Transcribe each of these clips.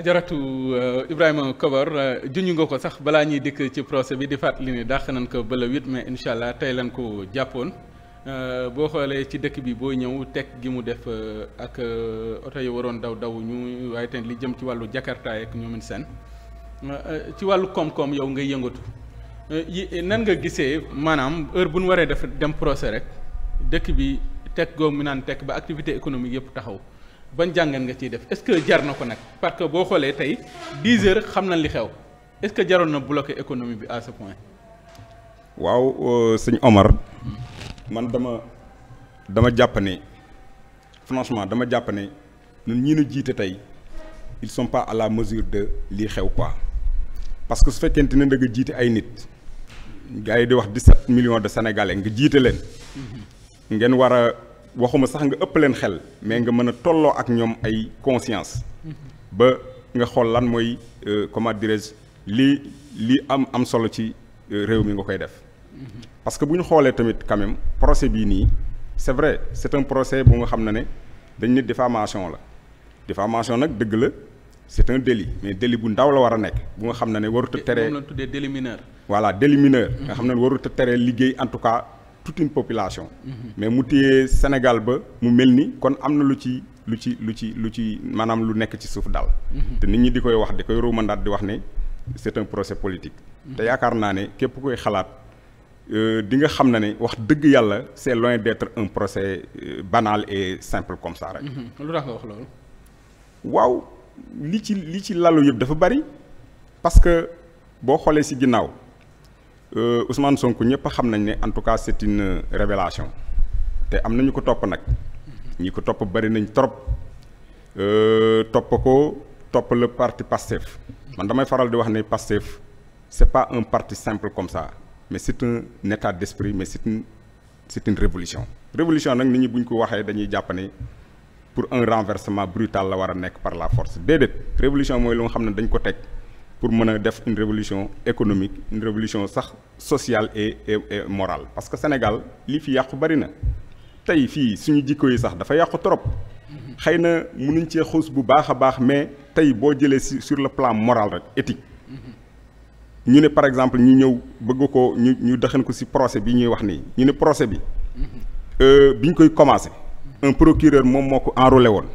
ajaratu euh, Ibrahima Kobar euh, junj nga ko sax balaa ñuy dikk ci procès bi di fàttali ne dàq nañ ko ba le 8 incha allah tey lan ko jàppoon euh, boo xoolee ci dëkk bi boo ñëw teg gi mu def ak oto yi waroon daw daw waaye tamit li jëm ci wàllu Jakarta ak ñoomin seen ci wàllu koom-koom yow ngay yëngatu nan nga gisee maanaam heure bu nu waree def dem procès rek. dëkk bi tekk googu mu naan tekk ba activité économique yëpp taxaw ban jàngan nga ciy def est-ce que jar na ko nag parce que boo xoolee tey 10 heures xam nañ li xew est-ce que jaroon na bloquer économie bi à ce point. waaw euh, sëñ Omar. man dama dama jàpp ne franchement dama jàpp ne ñi nu jiite tey il sont pas à la mesure de lii xew quoi parce que su fekkente ne da nga jiite ay nit. gars yi di wax 17 millions de sénégalais nga jiite leen. Mm-hmm. ngeen war a waxuma sax nga ëpp leen xel mais nga mën a tolloo ak ñoom ay conscience ba nga xool lan mooy euh, comment dirais-je lii lii am am solo ci euh, réew mi nga koy def parce que bu ñu xoolee tamit quand même procès bii nii c'est vrai c'est un procès bu nga xam ne ne dañ ne diffamation la diffamation nag dëgg la c'est un délit mais délit bu ndaw la war a nekk bu nga xam ne ne warut a tere moom la mineur voilà délit mineur nga xam ne warut a tere liggéey en tout cas toute une population. mais mu téye Sénégal ba mu mel ni kon am na lu ci lu ci lu ci lu ci maanaam lu nekk ci suuf daal. te nit ñi di koy wax di koy ruumandaat di wax ne c'est un procès politique. te yaakaar naa ne képp koy xalaat euh, di nga xam na ne wax dëgg yàlla c'est loin d'être un procès euh, banal et simple comme ça rek. lu tax nga wax loolu. waaw li ci li ci lalu yëpp dafa bari parce que boo xoolee si ginnaaw. Euh, Ousmane sonk ñëpp xam nañ ne en tout cas c'est une euh, révélation te am na ñu ko topp nag ñu ko topp bari nañ trop euh, topp ko topp le parti Pastef man damay faral di wax ni ne Pastef c'est pas un parti simple comme ça mais c'est un état d'esprit mais c'est une c'est une révolution révolution nag nit ñi bu ñu ko waxee dañuy jàpp ne pour un renversement brutal la war a nekk par la force déedéet révolution mooy lu nga xam ne dañ ko teg pour mën a def une révolution économique une révolution sax sociale et et morale parce que Sénégal li fi yàqu bari na tey fii suñu jikko yi sax dafa yàqu trop xëy na mënuñ cee xuus bu baax a baax mais tey boo jëlee si sur le plan moral rek éthique ñu ne par exemple ñu ñëw bëgg ko ñu ñu daxan ko si procès bi ñuy wax nii ñu ne procès bi euh, bi ñu koy commencé un procureur moom moo ko enrôlé woon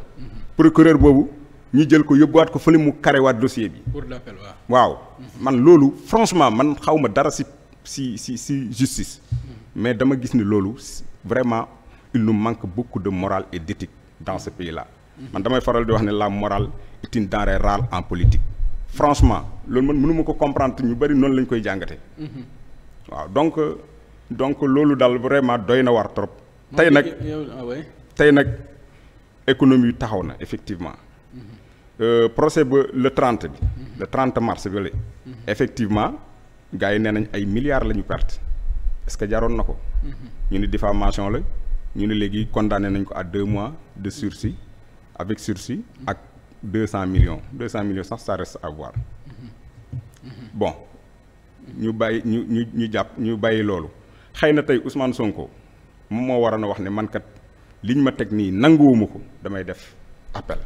procureur boobu ñu jël ko yóbbuwaat ko fële mu karewaat dossier bi. pour l'appel waaw. waaw man loolu franchement man xaw ma dara si si si si justice. Mm-hmm. mais dama gis ni loolu vraiment il nous manque beaucoup de morale et d'éthique dans ce pays là. Mm-hmm. man damay faral di wax ne la morale est une denrée rare en politique. franchement loolu man mënuma ko comprendre ñu bëri noonu lañ koy jàngate mm-hmm. waaw donc donc loolu daal vraiment doy na war trop. tey nag ah tey nag économie taxaw na effectivement. Euh, procès ba le 30 bi. le 30 mars bi effectivement gars yi nee nañ ay milliards la ñu perte est que jaroon na ko. ñu ni diffamation la ñu ni léegi condamné nañ ko ak deux mois de sursis avec sursis ak deux cent million deux cent millions sax ça reste à bon ñu bàyyi ñu ñu ñu jàpp ñu bàyyi loolu xëy na tey Ousmane Sonko moom moo waroon a wax ne mankat kat liñ ma teg nii nanguwuma ko damay def appel.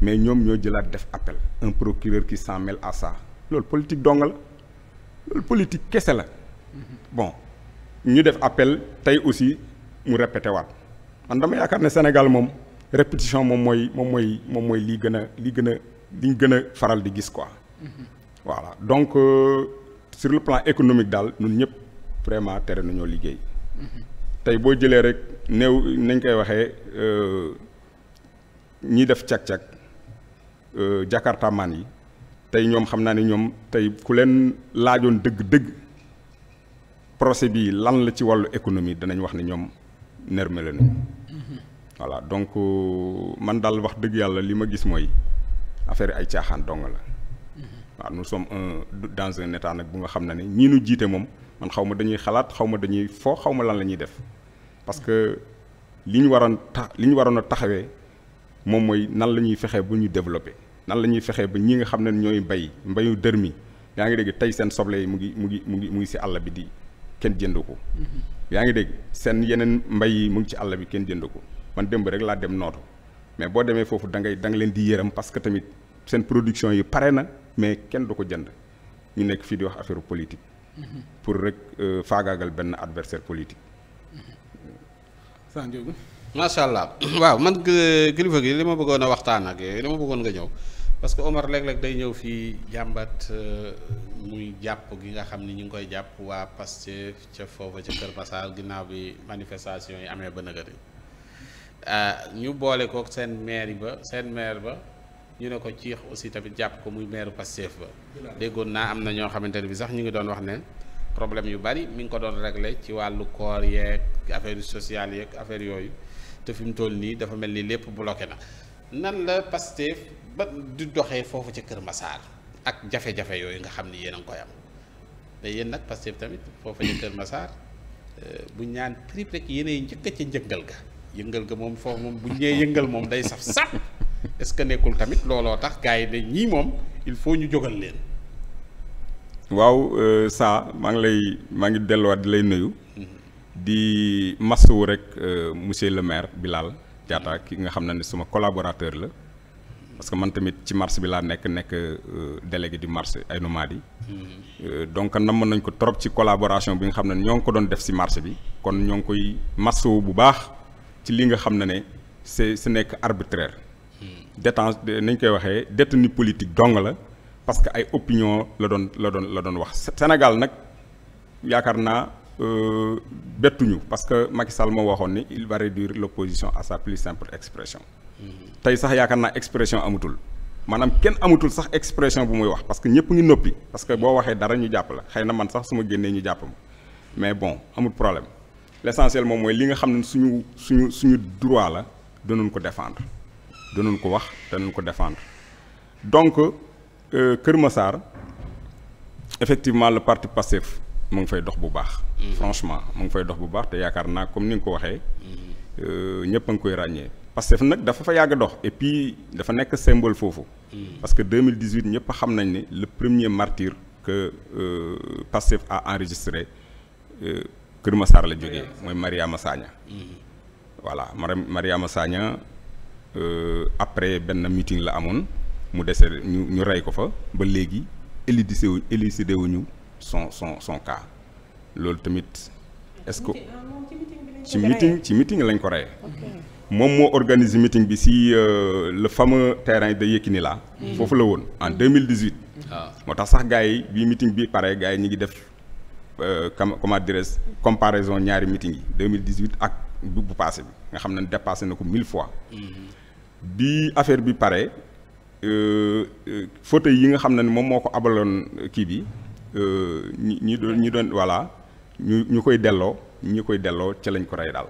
mais ñoom ñoo jëlaat def appel un procureur qui s'en mêle à ça loolu politique dong la loolu politique kese la bon ñu def appel tey aussi mu répété waat man dama yaakaar ne Sénégal moom répétition moom mooy moom mooy moom mooy lii gën a lii gën a liñ gën a faral di gis quoi waaw donc euh, sur le plan économique daal ñun ñëpp vraiment tere nañoo liggéey tey boo jëlee rek néew nañ koy waxee euh, ñiy def cag-cag Euh, jakarta maan yi tey ñoom xam naa ne ñoom tey ku leen laajoon dëgg-dëgg procès bi lan la ci wàllu économie danañ wax ne ñoom nermé la ñu voilà donc euh, man daal wax dëgg yàlla li ma gis mooy affaire ay caaxaan dong la waa nous sommes un dans un état nag bu nga xam ne ne ñii nu jiite moom man xaw ma dañuy xalaat xaw ma dañuy foo xaw ma lan la ñuy def parce que li ñu waroon tax li ñu waroon a taxawee moom mooy nan la ñuy fexee bu ñu développé nan la ñuy fexee ba ñi nga xam ne ñooy mbay mbayu dër mi yaa ngi dégg tey seen soble yi mu ngi mu ngi mu ngi mu ngi si àll bi di kenn jënd ko mm-hmm. yaa ngi dégg seen yeneen mbay yi mu ngi ci àll bi kenn jënd ko man démb rek laa dem nootu mais boo demee foofu da ngay da leen di yërëm parce que tamit seen production yi pare na mais kenn du ko jënd ñu nekk fii di wax affaire politique mm-hmm. pour rek euh, faagaagal benn adversaire politique San macha allah waaw man kilifa gi li ma bëggoon a waxtaan ak yooyu li ma bëggoon nga ñëw parce que Omar léeg-léeg day ñëw fii jàmbat euh, muy jàpp gi nga xam ni ñu ngi koy jàpp waa Pastef ca foofa ca Kër Massar ginnaaw bi manifestation yi amee ba nëgëri euh, ñu boole ko seen maire ba seen maire ba ñu ne ko ciix aussi tamit jàpp ko muy maire Pastef ba déggoon naa am na ñoo xamante ne bi sax ñu ngi doon wax ne problème yu bari mi ngi ko doon réglé ci wàllu koor yeeg affaire sociale yeeg affaire yooyu te fi mu toll nii dafa mel ni lépp bloqué na nan la Pastef ba di doxee foofu ca Kër Massar ak jafe-jafe yooyu nga xam ni yéen a ngi koy am te yéen nag Pastef tamit foofu ca Kër Massar euh, bu ñaan prip rek yéenay njëkk ca njëngal ga yëngal ga moom foofu moom bu ñee yëngal moom day saf sap est-ce que nekkul tamit looloo tax gars de ñii moom il faut ñu jógal leen. waaw euh, saa maa ngi lay maa ngi delluwaat di lay nuyu. Mm-hmm. di masawu rek euh, monsieur le maire bi Bilal Diatta ki nga xam na ni suma collaborateur la parce que man tamit ci marché bi laa nekk nekk euh, délégué di marché ay nomades yi mm-hmm. euh, donc namm nañ ko trop ci collaboration bi nga xam ne ñoo ngi ko doon def si marché bi kon ñoo ngi koy masawu bu baax ci li nga xam ne ne se su nekk arbitraire mm-hmm. détence nañ koy waxee détenu politique dong la parce que ay opinion la doon la doon la doon wax Sénégal nag yaakaar naa Euh, bettuñu parce que Macky Sall moo waxoon ni il va réduire l'opposition à sa plus simple expression. Hmm. tey sax yaakaar naa expression amatul. maanaam kenn amatul sax expression bu muy wax parce que ñëpp ngi noppi parce que boo waxee dara ñu jàpp la xëy na man sax su ma génnee ñu jàpp ma mais bon amul problème l'essentiel moom mooy li nga xam ne suñu suñu suñu droit la danoon ko defendre danoon ko wax danoon ko defendre donc euh, Kër Massar effectivement le parti Pastef mu ngi fay dox bu baax. Mhm. franchement mu ngi fay dox bu baax te yaakaar naa comme ni nga ko waxee. Mhm. Euh, ñëpp a ngi koy ràññee. Pastef nag dafa fa yàgg dox et puis dafa nekk symbole foofu. Mhm. parce que 2018 ñëpp xam nañ ne le premier martyr que euh, Pastef a enregistré euh, Kër Massar la jógee mooy Mariama Sagna. voilà Mariama Sagna après benn meeting la amoon mu dese ñu ñu rey ko fa ba léegi élucidé wu élucidé wuñu son son son cas loolu tamit est-ce que ci mitin ci meeting lañ ko rey moom moo organise meeting bi si euh, le fameux terrain de Yekini la mm. foofu la woon en 2018 mm. ah. moo tax sax gars yi bi meeting bi pare gars yi ñu ngi def euh, comment dirais-je comparaison ñaari meeting yi 2018 ak bu bu passé bi nga xam ne dépassé na ko mille fois mm-hmm. bi affaire bi pare euh, fauteuil yi nga xam ne moom moo ko abaloon kii bi Euh, ñi ñi doon ñi doon voilà ñu ñu koy delloo ñu koy delloo ca lañ ko rey daal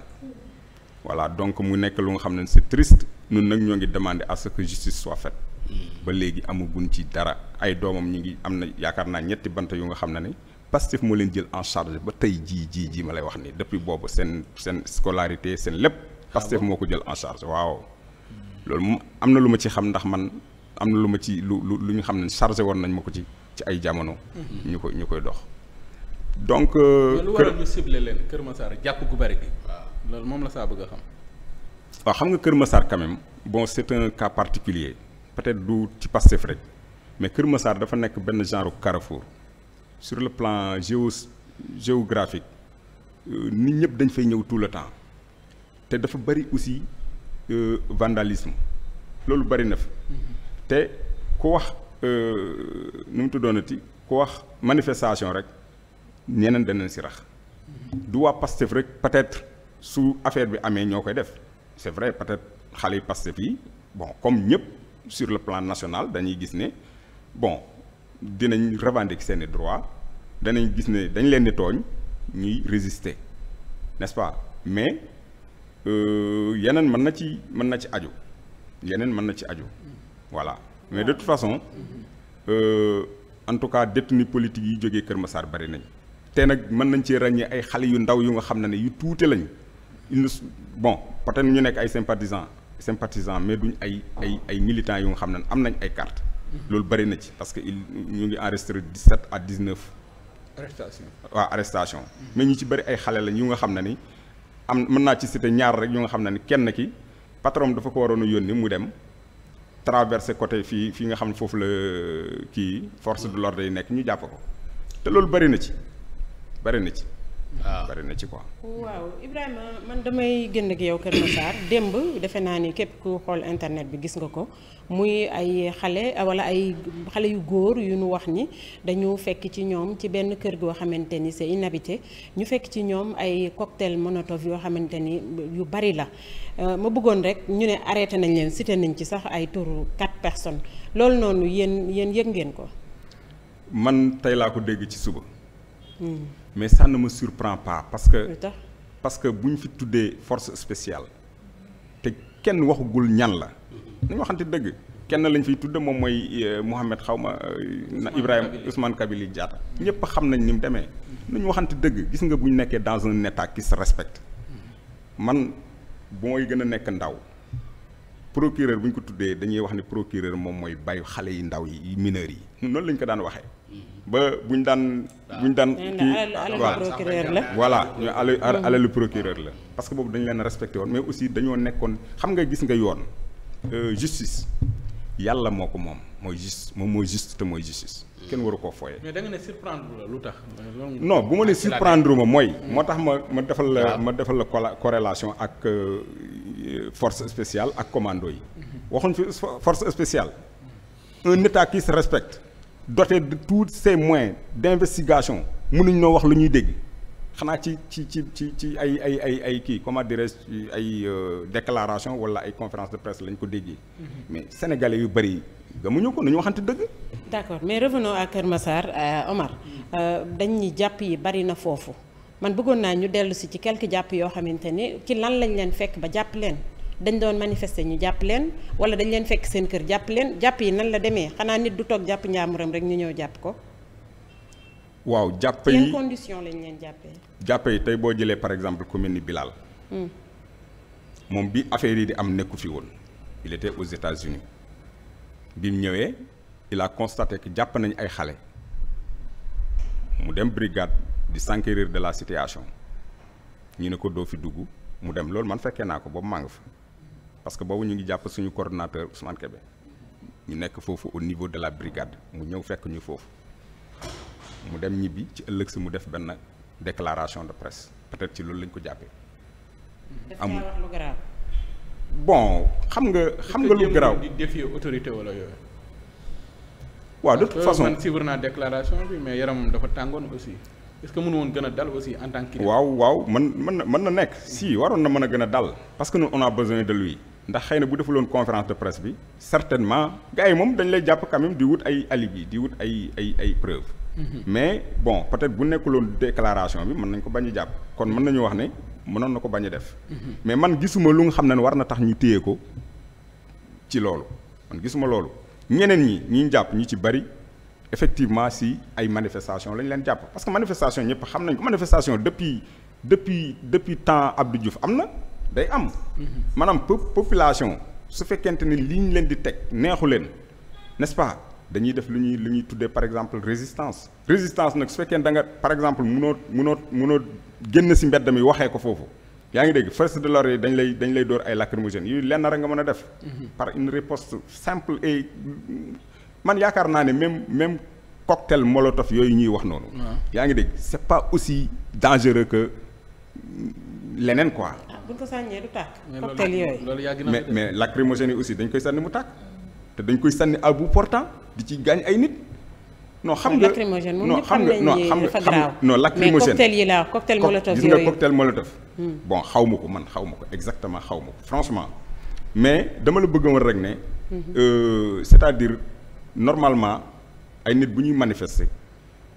voilà donc mu nekk lu nga xam ne c'est triste ñun nag ñoo ngi demander à ce que justice soit faite hmm. ba léegi amaguñ ci dara ay doomam ñu ngi am na yaakaar naa ñetti bant yu nga xam ne ne Pastef moo leen jël en charge ba tey jii jii jii ma lay wax nii depuis boobu seen seen scolarité seen lépp ah Pastef moo ko jël en charge waaw loolu am na lu ma ci xam ndax man am na lu ma ci lu lu lu ñu xam ne chargé woon nañ ma ko ci ci ay jamono. Mhm. ñu ko ñu koy dox. donc. Euh, lu waral ñu ciblé leen Kër Masar jàpp gu bari gi. waaw loolu moom la saa bëgg a xam. nga Kër masaar quand même bon c'est un cas particulier peut-être du ci Pastef rek mais Kër Masar dafa nekk benn genre carrefour sur le plan géo géographique euh, nit ñëpp dañ fay ñëw tout le temps te dafa bari aussi euh, vandalisme loolu bari na fi te ku wax euh, nu mu tuddoonati ku wax manifestation rek ñeneen danañ si rax du waa Pastef rek peut-être su affaire bi amee ñoo koy def c'est vrai peut-être xale yu Pastef yi bon comme ñëpp sur le plan national dañuy gis ne bon dinañ revendiquer seeni droits danañ gis ne dañ leen di tooñ ñuy résister n'est-ce pas mais euh, yeneen mën na ci mën na ci aju yeneen mën na ci aju voilà mais de toute façon euh, en tout cas détenu politique yi jógee Kër Massar bari nañ te nag mën nañ ci ràññee ay xale yu ndaw yu nga xam ne ne yu tuute lañ il bon peut-être ñu nekk ay sympathisants sympathisants mais duñ ay ay ay militants yu nga xam ne am nañ ay carte loolu bari na ci parce que il ñu ngi enregistré 17 à 19. arrestation waaw arrestation mais ñu ci bari ay xale lañ yu nga xam ne ni am mën naa ci citer ñaar rek yu nga xam ne ni kenn ki patron dafa ko waroon a yónni mu dem. traversé côté fii fii nga xam ne foofu la kii force de l'ordre yi nekk ñu jàpp ko te loolu bari na ci bari na ci waaw bari na ci quoi. waaw man damay génn ak yow Kër Massar démb defe naa ni képp ku xool internet bi gis nga ko muy ay xale ah, wala ay xale yu góor yu nu wax ni dañu fekk ci ñoom ci benn kër goo xamante ni c'est inhabité ñu fekk ci ñoom ay cocktail molotov yoo xamante ni yu bari la euh, ma bëggoon rek ñu ne arrêté nañ leen cité nañ ci sax ay turu quatre personnes loolu noonu yéen yéen yëg ngeen ko. man tey laa ko dégg ci suba. Hmm. mais sànn ma me surprend pas parce que parce que bu ñu fi tuddee force spéciale te kenn waxagul ñan la nañu waxante dëgg kenn lañ fiy tudd moom mooy euh, Mouhamed xaw ma euh, na Ibrahima Ousmane Kabili Diatta ñëpp xam nañ ni mu demee nañu waxante dëgg gis nga bu ñu nekkee dans un état qui se respecte man booy gën a nekk ndaw procureur buñ ko tuddee dañuy wax ni procureur moom mooy bàyyi xale yi ndaw yi mineurs yi noonu lañ ko daan waxee ba ñu daan buñ daan kii voilà ñu ala alalu procureur la parce que boobu dañu leen respecté woon mais aussi dañoo nekkoon xam nga gis nga yoon euh, justice yàlla moo ko moom mooy juste moom mooy juste te mooy justice kenn waru koo fooye mais da nga ne surprendre lu tax non bu ma ne surprendre ma mooy hmm. moo tax ma ma defal la ma defal la corrélation ak euh, euh, force spéciale ak commando yi hmm. waxuñ fi force spéciale un état qui se doté de tous ces moyens d'investigation mënuñ noo wax lu ñuy dégg xanaa ci ci ci ci ci ay ay ay ay kii comment dirais-je ay euh, déclaration wala ay conférence de presse lañ ko déggee. Mm-hmm. mais sénégalais yu bëri gëmuñu ko nu ñu waxante dëgg. d'accord mais revenons à Kër Massar euh, Omar mm. euh, dañ jàpp yi bari na foofu man bëggoon naa ñu dellu si ci quelques jàpp yoo xamante ni ci lan lañ leen fekk ba jàpp leen. dañ doon manifester ñu jàpp leen wala dañ leen fekk seen kër jàpp leen jàpp yi nañ la demee xanaa nit du toog jàpp njaamuram rek ñu ñëw jàpp ko. waaw jàpp yi yan lañ leen jàpp yi tey boo jëlee par exemple ku mel ni Bilal. Hmm. moom bi affaire yi di am nekku fi woon il était aux bi mu ñëwee il a constaté jàpp nañu ay xale mu dem brigade di s'enquérir de la situation ñu ne ko doo fi dugg mu dem loolu man fekkee naa ko boobu maa nga fa. parce que boobu ñu ngi jàpp suñu coordonnateur Ousmane Kébé ñu nekk foofu au niveau de la brigade mu ñëw fekk ñu foofu mu dem ñibbi ci ëllëg si mu def benn déclaration de presse peut ci loolu lañ ko jàppee. amul bon xam nga xam nga lu garaaw di défier autorité wala yooyu. waaw de toute façon man suivre naa bi mais yaramam dafa tàngoon aussi est-ce que mënu woon gën a dal aussi en tant que. waaw waaw mën mën na mën na nekk si waroon na mën a gën a dal parce que nous on a besoin de lui. ndax xëy na bu defuloon conférence de presse bi certainement gars moom dañ lay jàpp quand même di wut ay alibi di wut ay ay ay preuve mhm. mais bon peut-être bu loon déclaration bi mën nañ ko bañ a jàpp kon mën nañu wax ne mënoon na ko bañ a def mhm. mais man gisuma lu nga xam ne war na tax ñu téye ko ci loolu man gisuma loolu ñeneen ñi ñi jàpp ñu ci bari effectivement si ay manifestation lañ leen jàpp parce que manifestation ñëpp xam nañ ko manifestation depuis depuis depuis temps Abdou Diouf am na day am. maanaam population su fekkente ni ñu leen di teg neexu leen n'est-ce pas dañuy def lu ñuy lu ñuy tuddee par exemple résistance résistance nag su fekkee da nga par exemple munoo munoo munoo génn si mbedd mi waxee ko foofu. yaa ngi dégg force de l'ordre yi dañ lay dañ ay dóor ay lacrymogènes yooyu lenn rek nga mën a def. par une riposte simple et man yaakaar naa ne même même cocktail molotov yooyu ñuy wax noonu. yaa ngi dégg c'est pas aussi dangereux que leneen quoi. buñ ko sànnee du tàkk. cocktail yooyu loolu yàgg na mais mais lacrymogène yi aussi dañ koy sànni mu tàkk te dañ koy sànni à bout portant di ci gaañ ay nit. non xam nga no xam nga ne dafa grave non lacrymogène mais cocktail yi laa cocktail molotov yooyu hmm. gis bon xaw ma ko man xaw ma ko exactement xaw ma ko franchement. mais dama la bëgg a war rek ne. Hmm. Euh, c'est-à-dire normalement ay nit bu ñuy manifester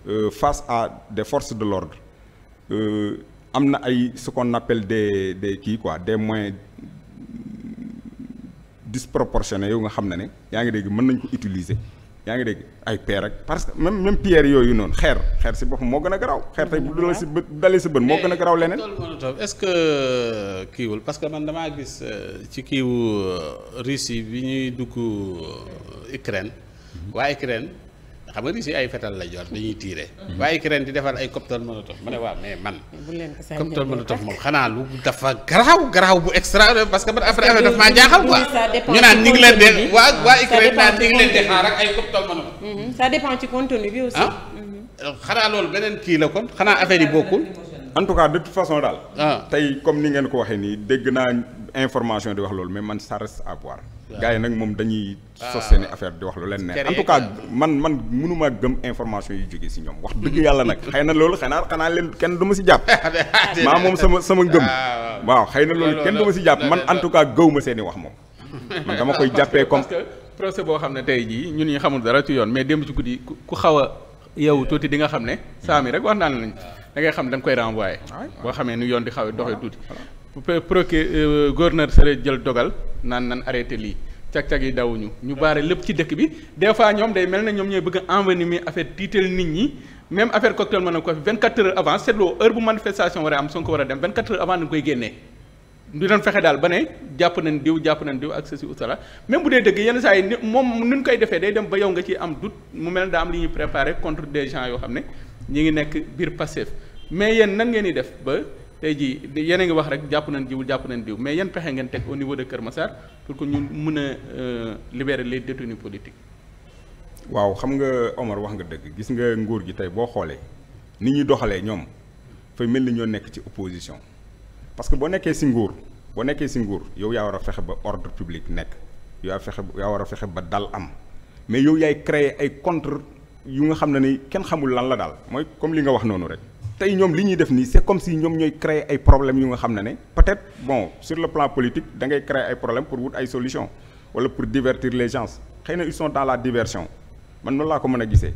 euh, face à des force de l'ordre euh, am na ay ce qu'on appelle des de kii quoi des moyens disproportionnés yow nga xam ne ne yaa ngi dégg mën nañ ko utiliser yaa ngi dégg ay pierre ak parce que même même pierre yooyu noonu xeer xeer si boppam moo gën a garaaw. xeer tey bu dalee si bë dalee si bën moo gën a garaaw leneen. est-ce que euh, kiiwul parce que man damaa gis euh, ci kiiwu euh, Russie bi ñuy dugg Ukraine mm-hmm. waa Ukraine. xam nga ni si ay fetal la jor dañuy tiire waaye keneen di defar ay cocktail molotov ma ne waaw mais man cocktail molotov moom xanaa lu dafa garaaw garaaw bu extra parce que man affaire affaire daf maa jaaxal quoi ñu naan ñu ngi leen de waa waa Ukraine naan ñu ngi leen de xaar ak ay cocktail molotov ça dépend ci contenu bi aussi ah? Ah? xanaa loolu beneen kii la kon xanaa affaire yi bokkul en tout cas de toute façon daal ah. tey comme ni ngeen ko waxee nii dégg naa information di wax loolu mais man ça reste à voir gars yi nag moom dañuy ah. sos seeni affaire di wax lu leen ne en tout cas man man mënumaa gëm information yu jógee si ñoom wax dëgg mm-hmm. yàlla nag xëy na loolu xanaa xanaa leen kenn duma si jàpp ah, maa moom sama sama ngëm ah, waaw xëy na loolu kenn du si jàpp man en tout cas gëw ma seeni wax moom man dama koy jàppee comme procès boo xam ne tey jii ñun ñi xamul dara ci yoon mais démb ci guddi ku xaw a yow tuuti di xam ne mm. saa mi rek wax naan nañ da ngay xam dañ koy renvoyé boo xamee nu yoon di xaw a doxee tuuti procureur euh, gouverneur sare jël dogal naan nan arrêté lii cag-cag yi dawuñu ñu baare lépp ci dëkk bi des fois ñoom day mel na ñoom ñooy bëgg a mi affaire tiital nit ñi même affaire cocktail mën na ko 24 heures avant seetloo heure bu manifestation war a am Sonko war a dem 24 heures avant dañ koy génnee di doon fexe daal ba ne jàpp nañ diw jàpp nañ diw ak ceci ou cela même bu dee dëgg yenn saa yi moom nu ñu koy defee day dem ba yow nga ci am doute mu mel ne daa am li ñuy préparé yoo xam ne ñi ngi nekk biir Pastef mais yéen nan ngeen di def ba tey jii yéen a ngi wax rek jàpp nañ diw jàpp nañ diw mais yan pexe ngeen teg au niveau de Kër Massar pour que ñu mun a euh, libérer les détenus politiques. waaw xam nga Omar wax nga dëgg gis nga nguur gi tey boo xoolee ni ñuy doxalee ñoom fa mel ni ñoo nekk ci opposition parce que boo nekkee si nguur boo nekkee si nguur yow yaa war a fexe ba ordre public nekk yaa fexe yaa war a fexe ba dal am mais yow yaay créer ay contre yu nga xam ne ni kenn xamul lan la daal mooy comme li nga wax noonu rek. tey ñoom li ñuy def nii c'est comme si ñoom ñooy créer ay problèmes yu nga xam ne ne peut-être bon sur le plan politique da ngay créer ay problèmes pour wut ay solutions wala pour divertir les gens xëy na ils la diversion man noonu laa ko mën a gisee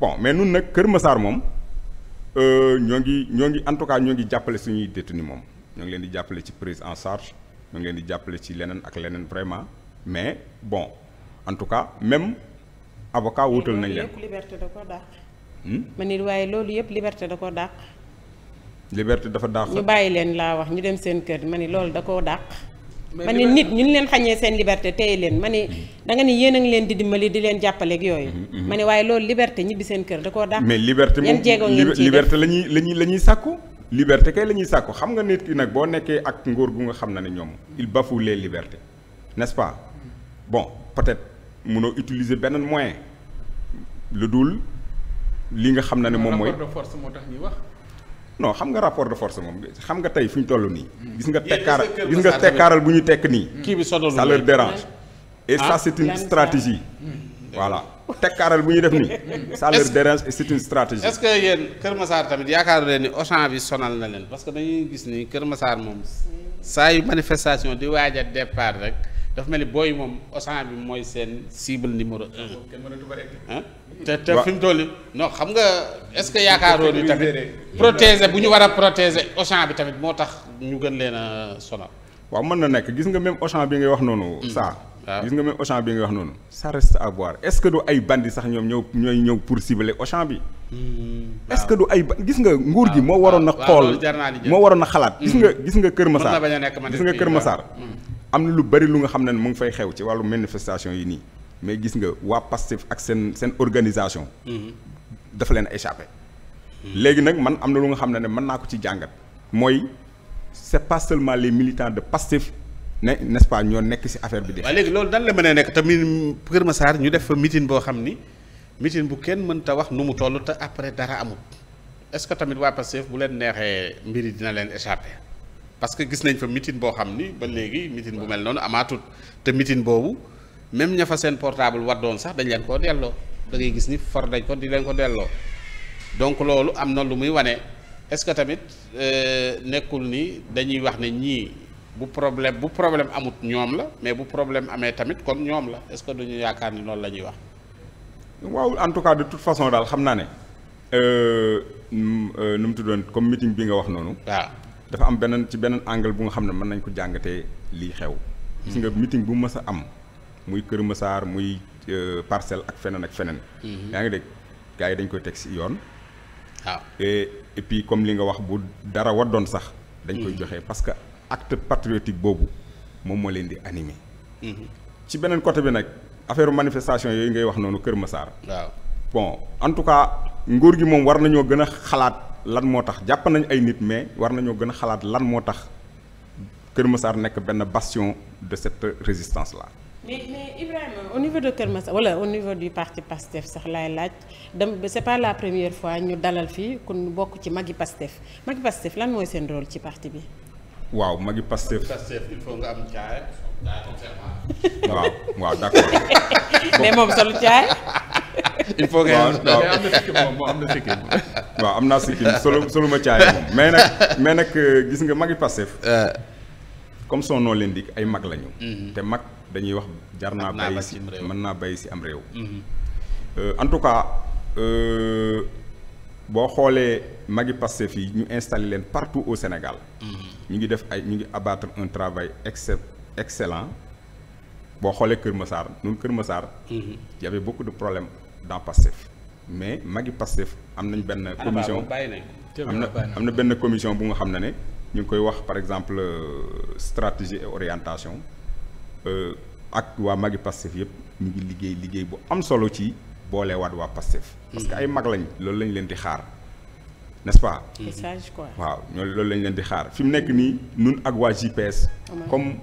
bon mais nun nag Kër Massar moom euh, ñoo ngi ñoo ngi en tout cas ñoo ngi jàppale suñuy détenu moom ñoo ngi leen di jàppale ci prise en charge ñoo ngi leen di jàppale ci leneen ak leneen vraiment mais bon en tout cas même avocat wutal nañ leen. Hmm? ma nit waaye loolu yëpp liberté da ko dàq. liberté dafa dàq. ñu bàyyi leen laa wax ñu dem seen kër ma ni loolu da koo dàq. ma ni nit ñu leen xañee seen liberté tey leen ma ni hmm. da nga ni yéen a ngi leen di dimbali di leen jàppaleeg yooyu. Hmm, ma ni waaye loolu liberté ñibbi seen kër da koo dàq. mais liberté moom liberté la ñuy la ñuy la ñuy sàkku. liberté kay la sàkku xam nga nit ki nag boo nekkee ak ngóor gu nga xam na ne ñoom il bafoue lee libertés n'est-ce pas bon peut-être mënoo utiliser benn moyen lu dul. li nga xam na ne moom mooy rapport force moo tax ñuy wax. non xam nga rapport de force moom xam nga tey fi ñu toll nii. Hmm. gis nga tekkaara gis nga tekkaaral bu ñu tekk nii. kii bi sonal ça leur dérange. et ça ah. c' stratégie. Hmm. voilà tekkaaral bu ñu def nii. Hmm. ça leur dérange et c' stratégie. est ce que yéen Kër Masar tamit yaakaar leen ni Auchan bi sonal na leen parce que dañuy gis ni Kër Masar moom saa yu manifestation di waaj a départ rek. dafa mel ni booy moom Auchan bi mooy seen cible numéro un. Ah. Ah. te te fi mu toll non xam nga est-ce que yaakaaroon ni tamit protéger bu ñu war a protéger Auchan bi tamit moo tax ñu gën leen a sonal. waaw mën na nekk gis nga même Auchan bi ngay wax noonu. ça hmm. ah. gis nga même bi ngay wax noonu. ça reste ce que du ay bandi sax ñoom ñoo ñooy ñëw pour cibler Auchan bi. Hmm. est-ce que du ay gis nga nguur gi moo waroon a. xool moo waroon na xalaat. gis nga hmm. gis nga Kër ma Massar gis nga Kër Massar. am na lu bari lu nga xam ne mu ngi fay xew ci wàllu manifestation yi nii mais gis nga waa Pastef ak seen seen organisation. Mhm. dafa leen échappé. Mhm. léegi nag man am na lu nga xam ne ne mën naa ko ci jàngat mooy c'est pas seulement les militants de Pastef. ne n'est-ce ñoo nekk ci affaire bi de. waaw léegi loolu dan la mën a nekk tamit Kër Massar ñu def fa mitin boo xam ni meeting bu kenn mënta wax nu mu toll te après dara amut est-ce que tamit waa Pastef bu leen neexee mbir yi dina leen échapper. parce que gis nañ fa meeting boo xam ni ba léegi mitin bu mel noonu amaatut te meeting boobu même ña fa seen portable doon sax dañ leen koo delloo da ngay gis ni for dañ ko di leen ko delloo donc loolu am na lu muy wane est-ce que tamit euh, nekkul nii dañuy wax ne ñii bu problème bu problème amut ñoom la mais bu problème amee tamit kon ñoom la est-ce que duñu yaakaar ni noonu la ñuy wax. waaw en tout cas de tout façon daal xam naa ne euh, euh, nu mu tuddoon comme meeting bi nga wax noonu. waaw. dafa am beneen ci beneen angle bu nga xam ne mën nañ ko jàngatee lii xew. gis nga meeting bu mës a am muy Kër mësaar muy euh, parcelle ak feneen ak feneen. Mm-hmm. yaa ngi dégg gars yi dañ koy teg si yoon. waaw ah. et et puis comme li nga wax bu dara war doon sax. dañ koy mm-hmm. joxe parce que acte patriotique boobu moom moo leen di animé. Mm-hmm. ci beneen côté bi nag affaire manifestation yooyu ngay wax noonu Kër Massar. waaw bon en tout cas nguur gi moom war nañoo gën a xalaat. lan moo tax jàpp nañ ay nit mais war nañoo gën a xalaat lan moo tax Kër Massar nekk benn bastion de cette résistance là. mais mais au niveau de Kër Massar wala au niveau du parti PASTEF sax laay laaj dem c'est pas la première fois ñu dalal fii ku bokk ci mag magi PASTEF magi PASTEF lan mooy seen rôle ci parti bi. waaw magi PASTEF. PASTEF il faut nga am caay. waaw waaw d'accord. mais moom solu caay. il faut nga am na sikkim moom am na sikkim waaw am naa sikkim solo solo moom mais nag mais nag euh, gis nga mag i magi Pastef euh. comme son leen l'indique ay mag lañu mm-hmm. te mag dañuy wax jar naa bàyyi si mën naa bàyyi si am réew mm-hmm. euh, en tout cas boo xoolee magi Pastef yi ñu installé leen partout au Sénégal mm-hmm. ñu ngi def ay ñu ngi abattre un travail excep excellent boo xoolee Kër Massar ñun Kër Massar y avait beaucoup de problèmes dans Pastef mais magi Pastef am nañ benn commission am na am na benn commission bu nga xam ne ne ñu ngi koy wax par exemple euh, stratégie et orientation euh, ak waa magi Pastef yëpp ñu ngi liggéey liggéey bu am solo ci boolewaat waa Pastef parce que ay mag lañ loolu lañ leen di xaar n'est-ce pas message quoi waaw ñoo loolu lañ leen di xaar fi mu nekk nii nun ak waa GPS comme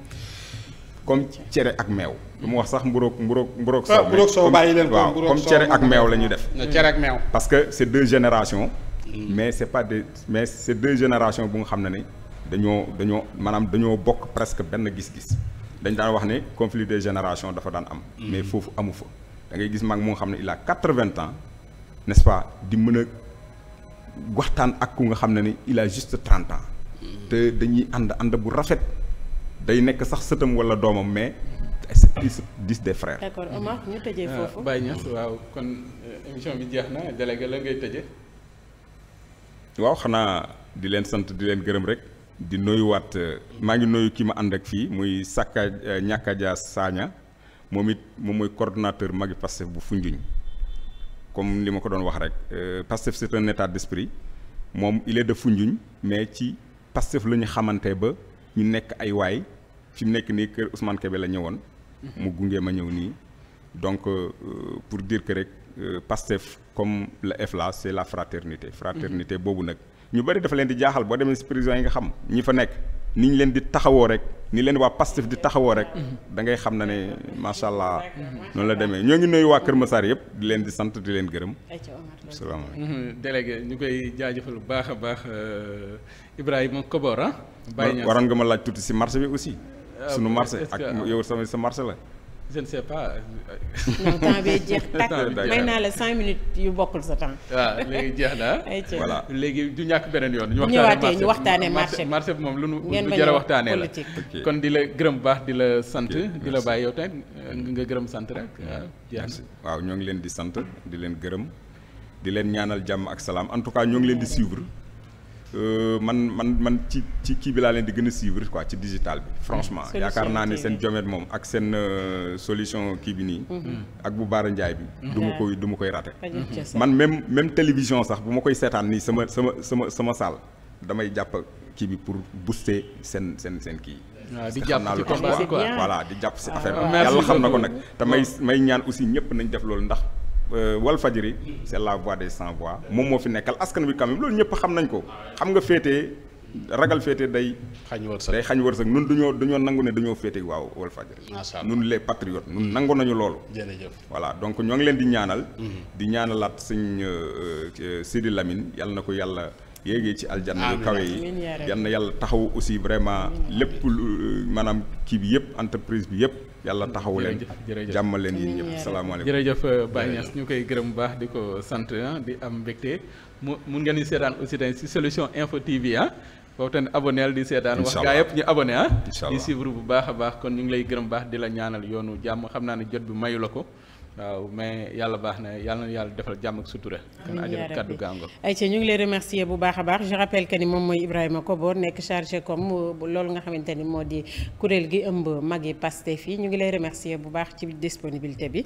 comme cere ak meew. lu mu wax sax mburoog mburoog mburoog. Ah, soow mburoog soow bàyyi leen waaw comme cere ak meew la ñuy def. cere ak meew. parce que c'est deux générations. Hmm. mais c'est pas des mais c'est deux générations bu nga xam ne ne dañoo dañoo maanaam dañoo bokk presque benn gis-gis dañ daan wax ne conflit des générations dafa daan am. Hmm. mais foofu amu fa da ngay gis mag moo xam ne il a quatre-vingts ans n'est-ce pas di mën a waxtaan ak ku nga xam ne ni il a juste trente ans. Hmm. te dañuy ànd ànd bu rafet. day nekk sax sëtam wala doomam mais c'est plus dix des frères. d'accord Omar ah, waaw kon euh, émission bi jeex na délégué la ngay xanaa di leen sant di leen gërëm rek di nuyuwaat euh, maa ngi nuyu ki ma ànd fii muy Sakka euh, Ñakkaja Saña moom it moom mooy coordonnateur magi Pastef bu Foundiougne comme li ma ko doon wax rek Pastef c'est un état d'esprit moom il de Foundiougne mais ci Pastef la ñu xamante ba ñu nekk ay waay fi mu nekk nii kër Ousmane Kébé la ñëwoon. mu gungee ma ñëw nii. donc euh, pour dire kër rek euh, PASTEF comme la FLA c' est la fraternité. fraternité mhm. boobu nag ñu bëri dafa leen di jaaxal boo demee si prison yi nga xam ñi fa nekk ni ñu leen di taxawoo rek ni leen waa PASTEF di taxawoo rek. Mhm. dangay xam na ne macha allah. Mhm. noonu la demee ñoo ngi nuyu waa Kër Massar yëpp di leen di sant di leen gërëm. salaamaaleykum. ñu koy jaajëfal bu baax a baax euh, Ibrahima Kobor ah. bàyyi waroon nga ma laaj tuuti si marché bi aussi. Euh, sunu marché ak yow sama sa marché la. je ne pas. non temps bee jeex tàkk may naa la cinq minutes yu bokkul sa temps. waaw ah, léegi jeex na voilà léegi du ñàkk beneen yoon. ñu waxtaanee ñu waxtaanee marché bi marché bi moom lu nu jar a waxtaanee la kon di la gërëm baax di la sant. di la bàyyi yow tamit euh, nga gërëm sant rek. Ah, jeex na waaw ñoo ngi leen di sant di leen gërëm di leen ñaanal jàmm ak salaam en tout cas ñoo ngi leen di suivre. Euh, man man man ci ci kii bi laa leen di gën a suivre quoi ci digital bi franchement yaakaar naa ne seen jomet moom ak seen euh, solution kii bi nii mm-hmm. ak bu Baara njaay bi mm-hmm. duma ma koy du ma koy rate mm-hmm. man même même télévision sax bu ma koy seetaan nii sama sama sama sama salle damay jàpp kii bi pour booster seen seen seen kii ah, di jàpp ci combat quoi voilà di jàpp si affaire ah, yàlla xam na ko nag te may may ñaan aussi ñëpp nañ def loolu ndax Euh, Walfadjri c'est la voix des sans voix moom moo fi nekkal askan wi quand loolu ñëpp xam nañ ko xam nga féetee ragal féete day. xañ wërsëg day xañ wërsëg nun du ñoo nangu ne dañoo féete waaw Walfadjri. macha allah nun les patriotes nun nangu nañu loolu. jërëjëf voilà donc ñoo ngi leen di ñaanal. Mhm. di ñaanalaat sëñ euh, euh, Sidi Lamine yàlla na ko yàlla. yéegee ci aljanna yu kawe yi yal na yàlla taxaw aussi vraiment lépp lu euh, maanaam kii bi yëpp entreprise bi yëpp yàlla taxawu leen jàmmal leen yéen ñëpp salaamaaleykum jërëjëf euh, Baye Niass ñu koy gërëm bu baax di ko sant ah, di am mbégte mu mun ngeen di seetaan aussi tamit si solution info TV ah foofu tamit aboneel di seetaan wax gaa yëpp ñu abonné ah di suivre bu baax a baax kon ñu ngi lay gërëm baax di la ñaanal yoonu jàmm xam naa ne jot bi mayu la ko waaw mais yàlla baax na yàlla na yàlla defal jàmm ak sutura. kon ajal kaddu gàngo ayca ñu ngi lay remercier bu baax a baax je rappelle que ni moom mooy Ibrahima Kobor nekk chargé comme loolu nga xamante ni moo di kuréel gi ëmb mag yi Pastef yi ñu ngi lay remercier bu baax ci disponibilité bi.